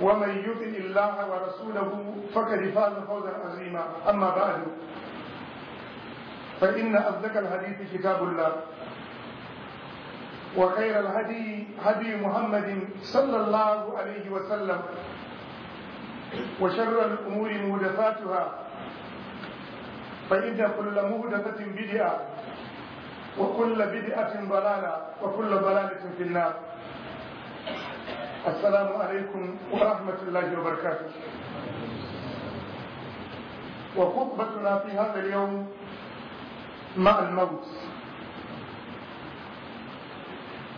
ومن يطع الله ورسوله فقد فاز فوزا عظيما اما بعد فان اصدق الحديث كتاب الله وخير الهدي هدي محمد صلى الله عليه وسلم وشر الامور محدثاتها فان كل محدثه بدعه وكل بدعه ضلاله وكل ضلاله في النار السلام عليكم ورحمة الله وبركاته وخطبتنا في هذا اليوم مع الموت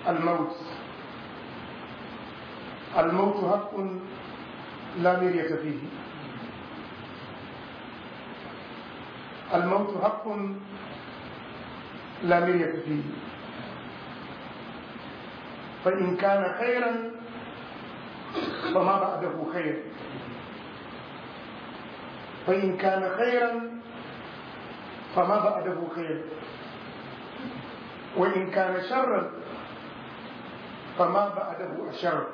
الموت الموت حق لا مرية فيه الموت حق لا مرية فيه فإن كان خيرا فما بعده خير فإن كان خيرا فما بعده خير وإن كان شرا فما بعده أشر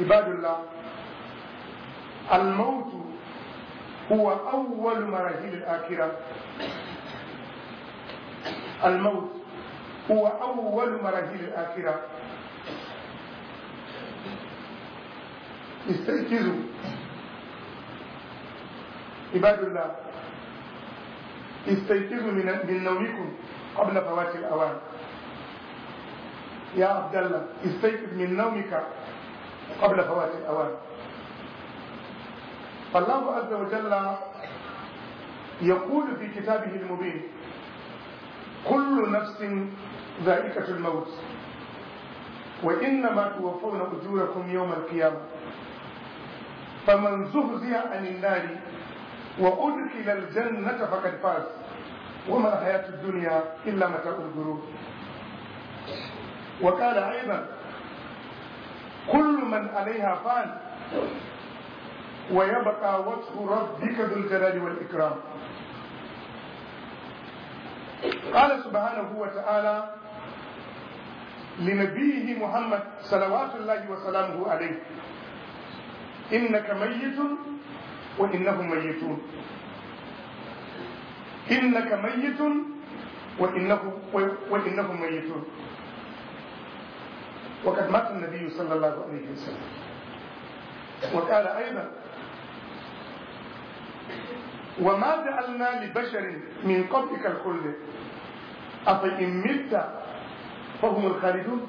عباد الله الموت هو أول مراحل الآخرة الموت هو أول مراحل الآخرة استيقظوا عباد الله استيقظوا من نومكم قبل فوات الأوان يا عبد الله استيقظ من نومك قبل فوات الأوان فالله عز وجل يقول في كتابه المبين كل نفس ذائقة الموت وإنما توفون أجوركم يوم القيامة فمن زهزه عن النار وأدخل الجنة فقد فاز وما الحياة الدنيا إلا متاع الغرور وقال أيضا كل من عليها فان ويبقى وجه ربك ذو الجلال والإكرام قال سبحانه وتعالى لنبيه محمد صلوات الله وسلامه عليه إنك ميت وإنهم ميتون إنك ميت وإنهم, وإنه ميتون وقد مات النبي صلى الله عليه وسلم وقال أيضا وما جعلنا لبشر من قبلك الخلد أفإن مت فهم الخالدون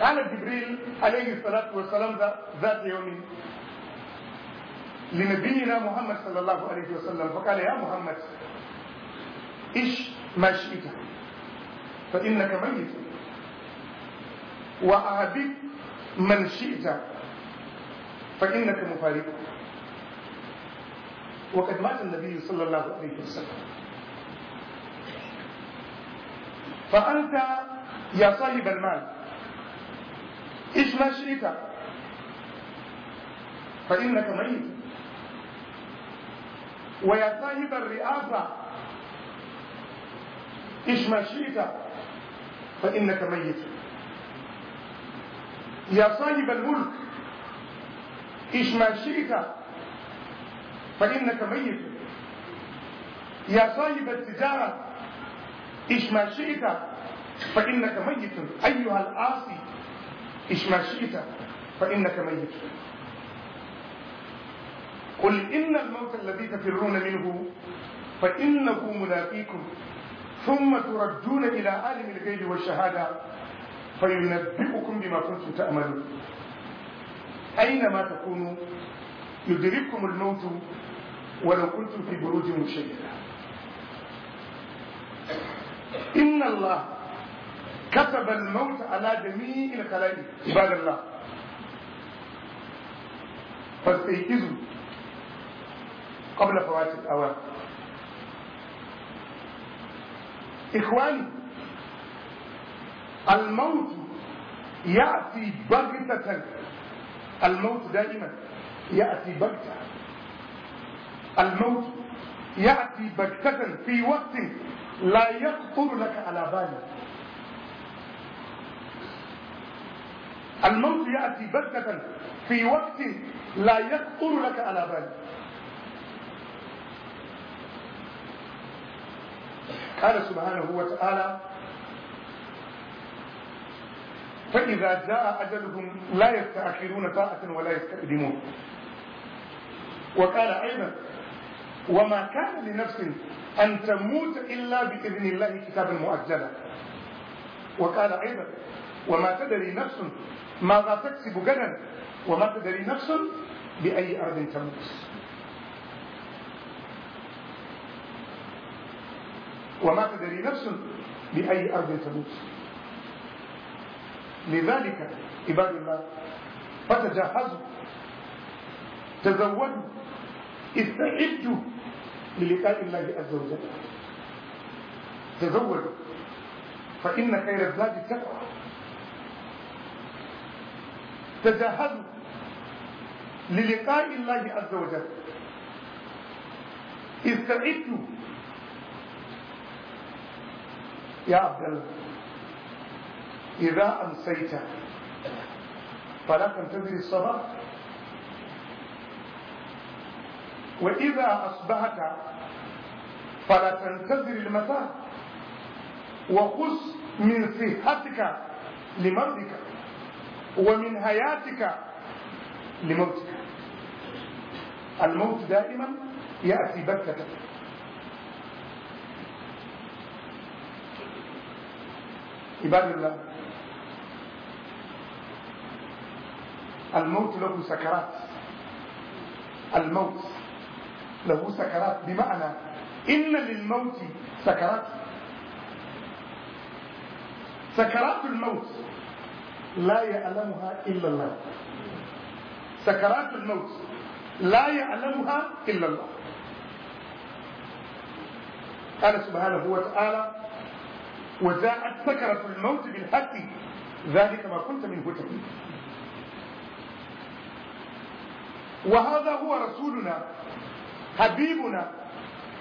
كان جبريل عليه الصلاة والسلام ذات يوم لنبينا محمد صلى الله عليه وسلم فقال يا محمد إيش ما شئت فإنك ميت وأعبد من شئت فإنك مفارق وقد مات النبي صلى الله عليه وسلم فأنت يا صاحب المال عش ما شئت فإنك ميت ويا صاحب الرئاسة عش ما شئت فإنك ميت يا صاحب الملك عش ما شئت فإنك ميت يا صاحب التجارة عش ما شئت فإنك ميت أيها العاصي إيش ما شئت فإنك ميت قل إن الموت الذي تفرون منه فإنه ملاقيكم ثم تردون إلى عالم الغيب والشهادة فينبئكم بما كنتم تأملون أينما تكونوا يدرككم الموت ولو كنتم في بروج مشيدة إن الله كتب الموت على جميع الخلائق عباد الله فاستيقظوا قبل فوات الأوان إخواني الموت يأتي بغتة الموت دائما يأتي بغتة الموت يأتي بغتة في وقت لا يخطر لك على بالك الموت يأتي بغتة في وقت لا يخطر لك على بال قال سبحانه وتعالى فإذا جاء أجلهم لا يستأخرون ساعة ولا يستقدمون وقال أيضا وما كان لنفس أن تموت إلا بإذن الله كتابا مؤجلا وقال أيضا وما تدري نفس ماذا تكسب غدا وما تدري نفس بأي أرض تموت وما تدري نفس بأي أرض تموت لذلك عباد الله فتجهزوا تزودوا استعدوا للقاء الله عز وجل تزودوا فإن خير الزاد التقوى تجهزوا للقاء الله عز وجل استعدوا يا عبد الله إذا أمسيت فلا تنتظر الصباح وإذا أصبحت فلا تنتظر المساء وخذ من صحتك لمرضك ومن حياتك لموتك الموت دائما يأتي بكة عباد الله الموت له سكرات الموت له سكرات بمعنى إن للموت سكرات سكرات الموت لا يعلمها إلا الله سكرات الموت لا يعلمها إلا الله قال سبحانه وتعالى وجاءت سكرة الموت بالحق ذلك ما كنت منه تحيد وهذا هو رسولنا حبيبنا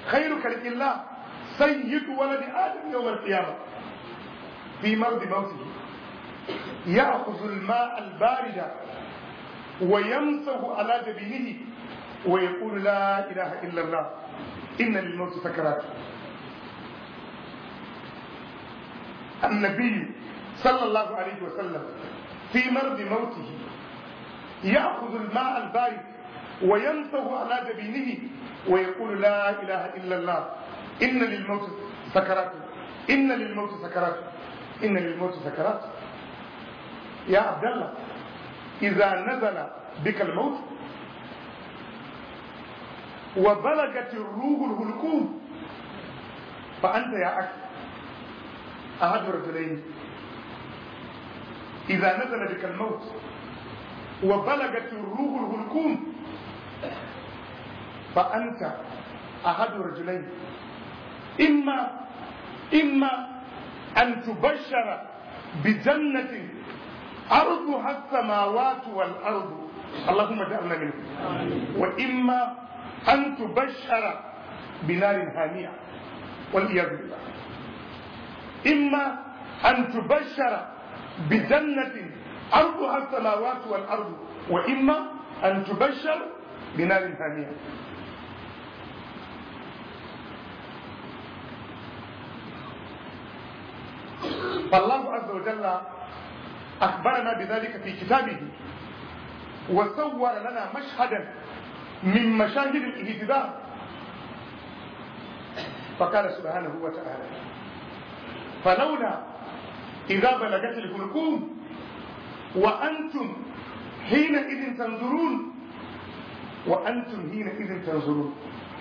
خير لله الله سيد ولد آدم يوم القيامة في مرض موته يأخذ الماء البارد ويمسه على جبينه ويقول لا إله إلا الله إن للموت سكرات النبي صلى الله عليه وسلم في مرض موته يأخذ الماء البارد ويمسه على جبينه ويقول لا إله إلا الله إن للموت سكرات إن للموت سكرات إن للموت سكرات يا عبد الله إذا نزل بك الموت وبلغت الروح الهلكوم فأنت يا أخي أحد رجلين إذا نزل بك الموت وبلغت الروح الهلكوم فأنت أحد رجلين إما إما أن تبشر بجنة أرضها السماوات والأرض اللهم اجعلنا منه وإما أن تبشر بنار هانية والعياذ بالله إما أن تبشر بجنة أرضها السماوات والأرض وإما أن تبشر بنار هانية فالله عز وجل أخبرنا بذلك في كتابه وصور لنا مشهدا من مشاهد الاهتداء فقال سبحانه وتعالى فلولا إذا بلغت الحلقوم وأنتم حينئذ تنظرون وأنتم حينئذ تنظرون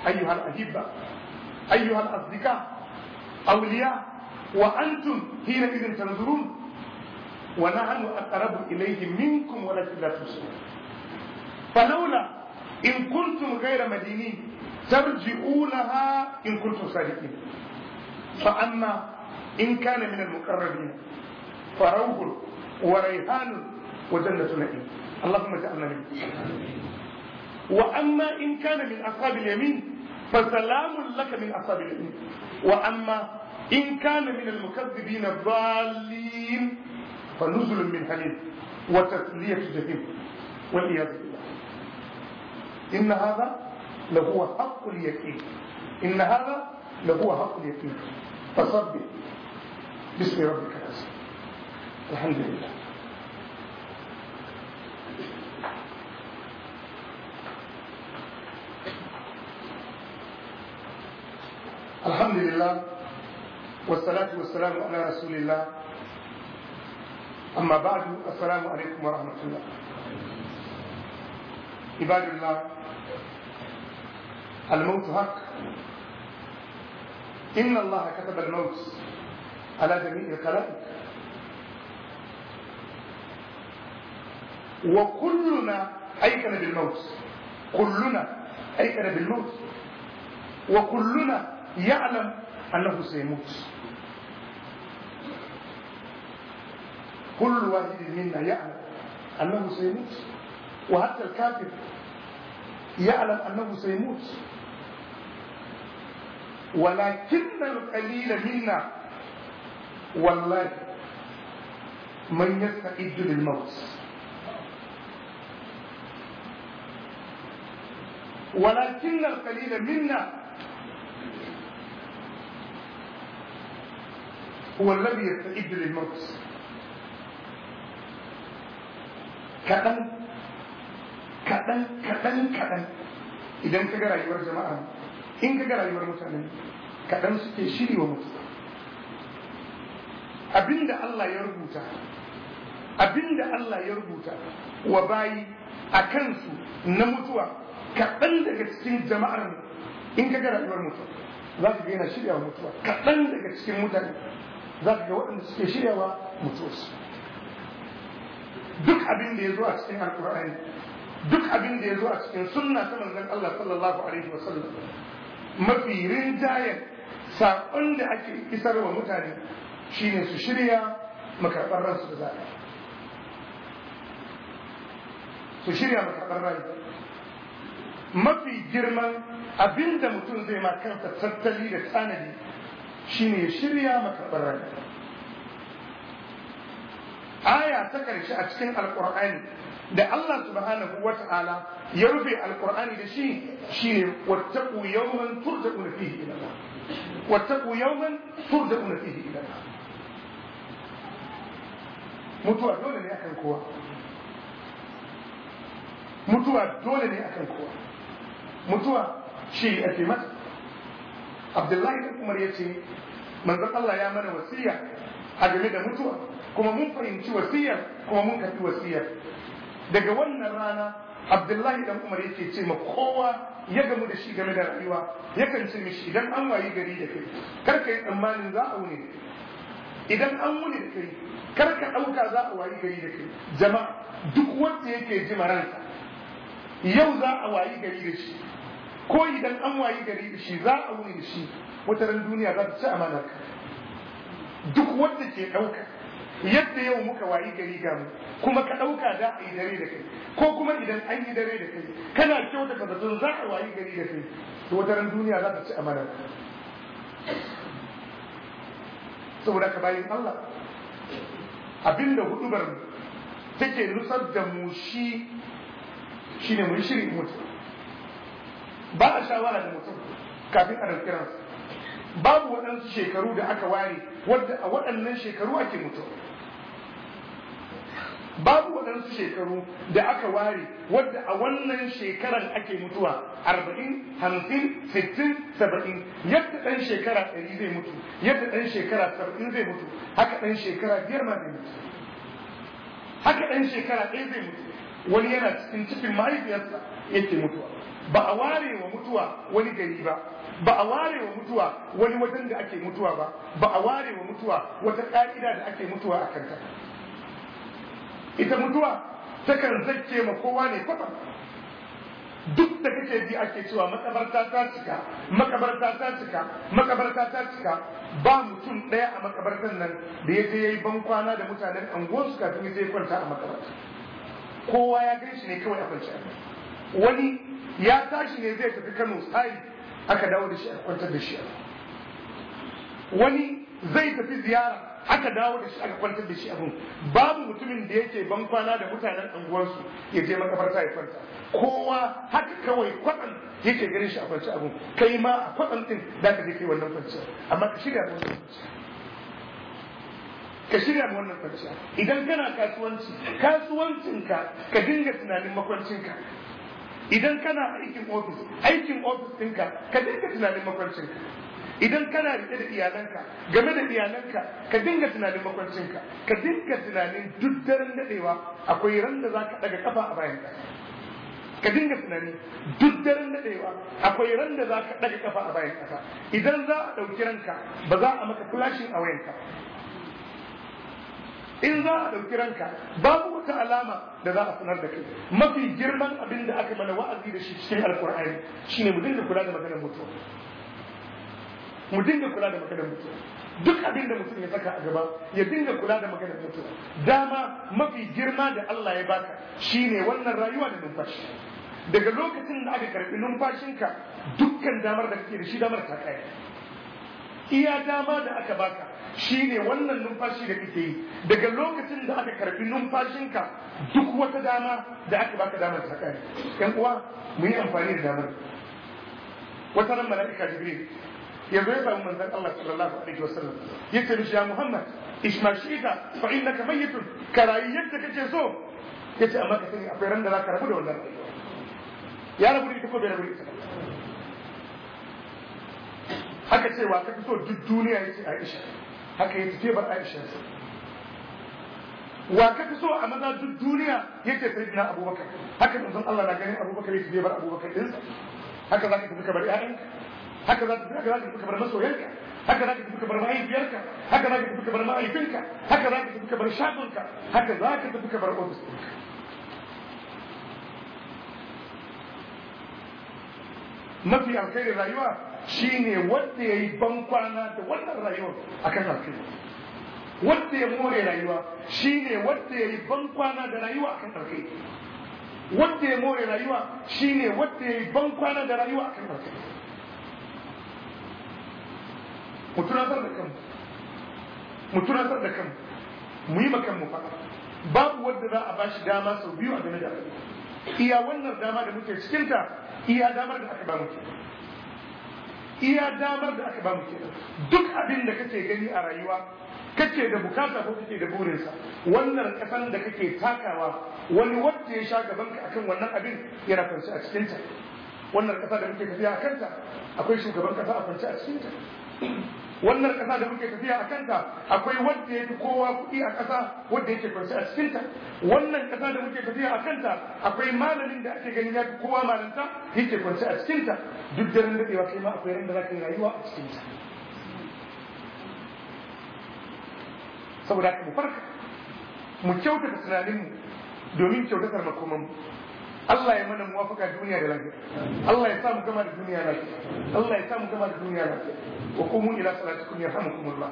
أيها الأحبة أيها الأصدقاء أولياء وأنتم حينئذ تنظرون ونحن أقرب إليه منكم ولكن لا تبصرون فلولا إن كنتم غير مدينين ترجعونها إن كنتم صادقين فأما إن كان من المقربين فروح وريحان وجنة نعيم اللهم اجعلنا منه وأما إن كان من أصحاب اليمين فسلام لك من أصحاب اليمين وأما إن كان من المكذبين الضالين فنزل من حليب وتسلية جهيم والعياذ بالله إن هذا لهو حق اليقين إن هذا لهو حق اليقين فصبي باسم ربك العزيز الحمد لله الحمد لله والصلاة والسلام على رسول الله أما بعد السلام عليكم ورحمة الله عباد الله الموت حق إن الله كتب الموت على جميع الخلائق وكلنا أيقن بالموت كلنا أيقن بالموت وكلنا يعلم أنه سيموت كل واحد منا يعلم أنه سيموت وحتى الكافر يعلم أنه سيموت ولكن القليل منا والله من يستعد للموت ولكن القليل منا هو الذي يستعد للموت kaɗan kaɗan kaɗan kaɗan idan ka ga rayuwar jama'a in ka ga rayuwar mutane kaɗan suke shiri wa mutu abinda Allah ya rubuta abinda Allah ya rubuta wa bayi a kansu na mutuwa kaɗan daga cikin jama'ar in ka ga rayuwar mutu za ka ga yana shirya wa mutuwa kaɗan daga cikin mutane za ka ga waɗanda suke shiryawa mutuwarsu duk abin da ya zo a cikin alkur'ani duk abin da ya zo a cikin sunna ta manzon Allah sallallahu alaihi wa sallam mafi rinjayen saƙon da ake isar wa mutane shine su shirya makarɓar ransu da zaɓe su shirya makarɓar ransu mafi girman abin da mutum zai ma kansa tattali da tanadi shine ya shirya makarɓar ransu aya ta karshe a cikin alkur'ani da Allah subhanahu wa ta'ala ya rufe alkur'ani da shi shine wattaqu yawman turja'una fihi ila Allah wattaqu yawman turja'una fihi ila Allah mutuwa dole ne akan kowa mutuwa dole ne akan kowa mutuwa shi ake mata Abdullahi Umar ya ce manzon Allah ya mana wasiya a game da mutuwa kuma mun fahimci wasiyar kuma mun karɓi wasiyar daga wannan rana abdullahi dan umar yake ce ma kowa ya gamu da shi game da rayuwa yakan ce mishi idan an wayi gari da kai kar ka yi tsammanin za a wuni idan an wuni da kai kar ka ɗauka za a wayi gari da kai jama'a duk wanda yake ji ransa yau za a wayi gari da shi ko idan an wayi gari da shi za a wuni da shi wata duniya za ta ci amanar duk wanda ke ɗauka yadda yau muka wayi gari ga mu kuma ka ɗauka za a yi dare da kai ko kuma idan an yi dare da kai kana kyautata zaton za a wayi gari da kai to wata ran duniya za ta ci amana saboda ka bayin Allah abinda hudubar take nusar da mu shi shine mun shiri mutum ba a shawara da mutum kafin a ɗauki babu waɗansu shekaru da aka ware wadda a waɗannan shekaru ake mutum babu waɗansu shekaru da aka ware wadda a wannan shekaran ake mutuwa arba'in hamsin sittin saba'in yadda ɗan shekara ɗari zai mutu yadda ɗan shekara saba'in zai mutu haka ɗan shekara biyar ma zai mutu haka ɗan shekara ɗaya zai mutu wani yana cikin cikin mahaifiyarsa yake mutuwa ba a ware wa mutuwa wani gari ba ba a ware wa mutuwa wani wajen da ake mutuwa ba ba a ware wa mutuwa wata ƙa'ida da ake mutuwa a kanta ita mutuwa takan zakke ma kowa ne kwata duk da kake ji ake cewa makabarta ta cika makabarta ta cika makabarta ta cika ba mutum ɗaya a makabartan nan da ya je ya yi bankwana da mutanen su kafin ya je kwanta a makabarta kowa ya gan shi ne kawai a kwanci wani ya tashi ne zai tafi kano sai aka dawo da shi a kwantar da shi wani zai tafi ziyara aka dawo da shi aka kwantar da shi abin babu mutumin da yake ban kwana da mutanen anguwarsu ya je makabarta ya kwanta kowa haka kawai kwatsam yake ganin shi a kwanci abin kai ma a kwatsam din za ka je kai wannan kwanci amma ka shirya da wannan ka shirya da wannan kwanci idan kana kasuwanci kasuwancinka ka dinga tunanin makwancinka idan kana aikin ofis aikin ofis ɗinka ka dinga tunanin makwancinka idan kana rike da iyalanka game da iyalanka ka dinga tunanin makwancinka ka dinga tunanin duk daren dadewa akwai ran da zaka daga kafa a bayan ka dinga tunani duk daren dadewa akwai ran da zaka daga kafa a bayan ƙasa. idan za a dauki ranka ba za a maka flashing a wayanka in za a ɗauki ranka babu wata alama da za a sanar da kai mafi girman abin da aka mana wa'azi da shi cikin alkur'ani shine mu dinga kula da maganar mutuwa mu dinga kula da maganar mutum duk abin da mutum ya saka a gaba ya dinga kula da maganar mutum dama mafi girma da Allah ya baka shine wannan rayuwa da numfashi daga lokacin da aka karbi numfashinka dukkan damar da kake da shi damar ta kai iya dama da aka baka shine wannan numfashi da kake yi daga lokacin da aka karbi numfashinka duk wata dama da aka baka damar ta kai yan uwa mu yi amfani da damar wata nan mala'ika jibril yanzu ya samu manzon Allah sallallahu alaihi wasallam yace mishi ya Muhammad isma shi'ita fa innaka mayyitun karayi yadda kake so yace amma ka sani akwai ran da zaka rabu da wannan ya rabu da ita ko bai rabu da ita haka cewa ka fi so duk duniya ya yace Aisha haka ya ce bar Aisha wa ka fi so a maza duk duniya yake sai dina abubakar haka manzon Allah na ganin abubakar yake bar abubakar din haka zaka tafi ka bar ƴaƴanka haka za ka tafi ka bar masoyanka haka za ka tafi ka bar mahaifiyarka haka za tafi ka bar mahaifinka haka za tafi ka bar shagonka haka za ka tafi ka bar ofis mafi alkhairin rayuwa shine wanda ya yi bankwana da wannan rayuwar akan alkhairi wanda ya more rayuwa shine wanda ya yi da rayuwa akan more rayuwa shine da rayuwa akan mu tunatar da kanmu mu tunatar da kanmu mu yi makan mu faɗa babu wanda za a bashi dama sau biyu a game da iya wannan dama da muke cikinta iya damar da aka ba mu iya damar da aka ba mu duk abin da kake gani a rayuwa kake da bukata ko kake da burinsa wannan kasan da kake takawa wani wanda ya sha gaban ka akan wannan abin yana fanci a cikinta wannan kasa da muke tafiya a kanta akwai shugaban kasa a kwance a cikinta wannan ƙasa da muke tafiya a kanta akwai wanda ya kowa kuɗi a ƙasa wanda yake kwanci a cikinta wannan kasa da muke tafiya a kanta akwai malamin da ake ganin ya fi kowa malanta yake kwanci a cikinta duk da daren daɗewa kai ma akwai ran da za ka rayuwa a cikinta saboda haka mu farka mu kyautata tunaninmu domin kyautatar makomanmu Allah ya mana muwafaka duniya da lafiya Allah ya samu gama da duniya lafiya Allah ya samu gama da duniya lafiya wa qumu ila salatikum yarhamukumullah